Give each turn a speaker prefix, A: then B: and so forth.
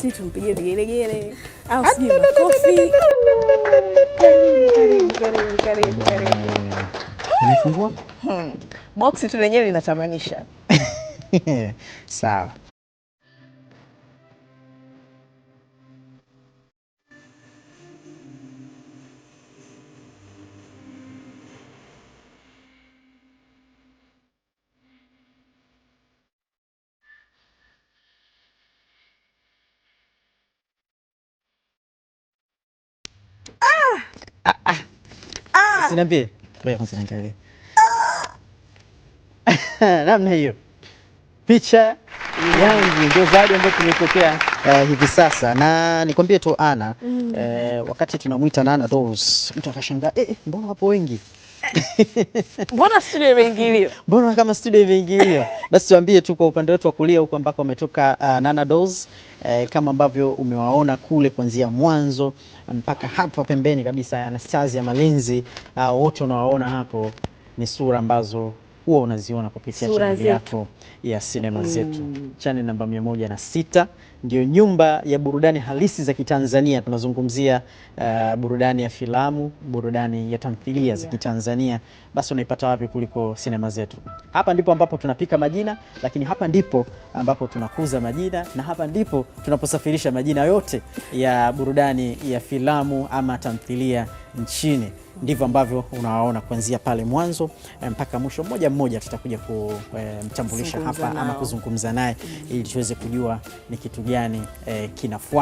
A: si tumpigie vigelegele au sijui makofi. Hmm. Hmm. boksi tu lenyewe linatamanisha.
B: Sawa. Usiniambie. Namna hiyo. Picha yangu ndio zawadi ambayo tumepokea uh, hivi sasa na nikwambie tu Ana mm. eh, wakati tunamwita Nana Dolls mtu akashangaa eh, mbona wapo wengi
A: Mbona studio imeingiliwa?
B: Mbona kama studio imeingiliwa? Basi tuambie tu kwa upande wetu wa kulia huko ambako ametoka uh, Nana Dolls eh, kama ambavyo umewaona kule kuanzia mwanzo mpaka hapa pembeni kabisa Anastasia Malinzi uh, wote unawaona hapo ni sura ambazo huwa unaziona kupitia chaneli yako ya sinema mm. zetu mm. Chaneli namba mia moja na sita ndio nyumba ya burudani halisi za Kitanzania. Tunazungumzia uh, burudani ya filamu, burudani ya tamthilia yeah, za Kitanzania. Basi unaipata wapi kuliko sinema zetu? Hapa ndipo ambapo tunapika majina, lakini hapa ndipo ambapo tunakuza majina, na hapa ndipo tunaposafirisha majina yote ya burudani ya filamu ama tamthilia nchini. Ndivyo ambavyo unawaona kuanzia pale mwanzo eh, mpaka mwisho. Mmoja mmoja tutakuja kumtambulisha eh, hapa ama kuzungumza naye mm. ili tuweze kujua ni kitu gani eh, kinafuata.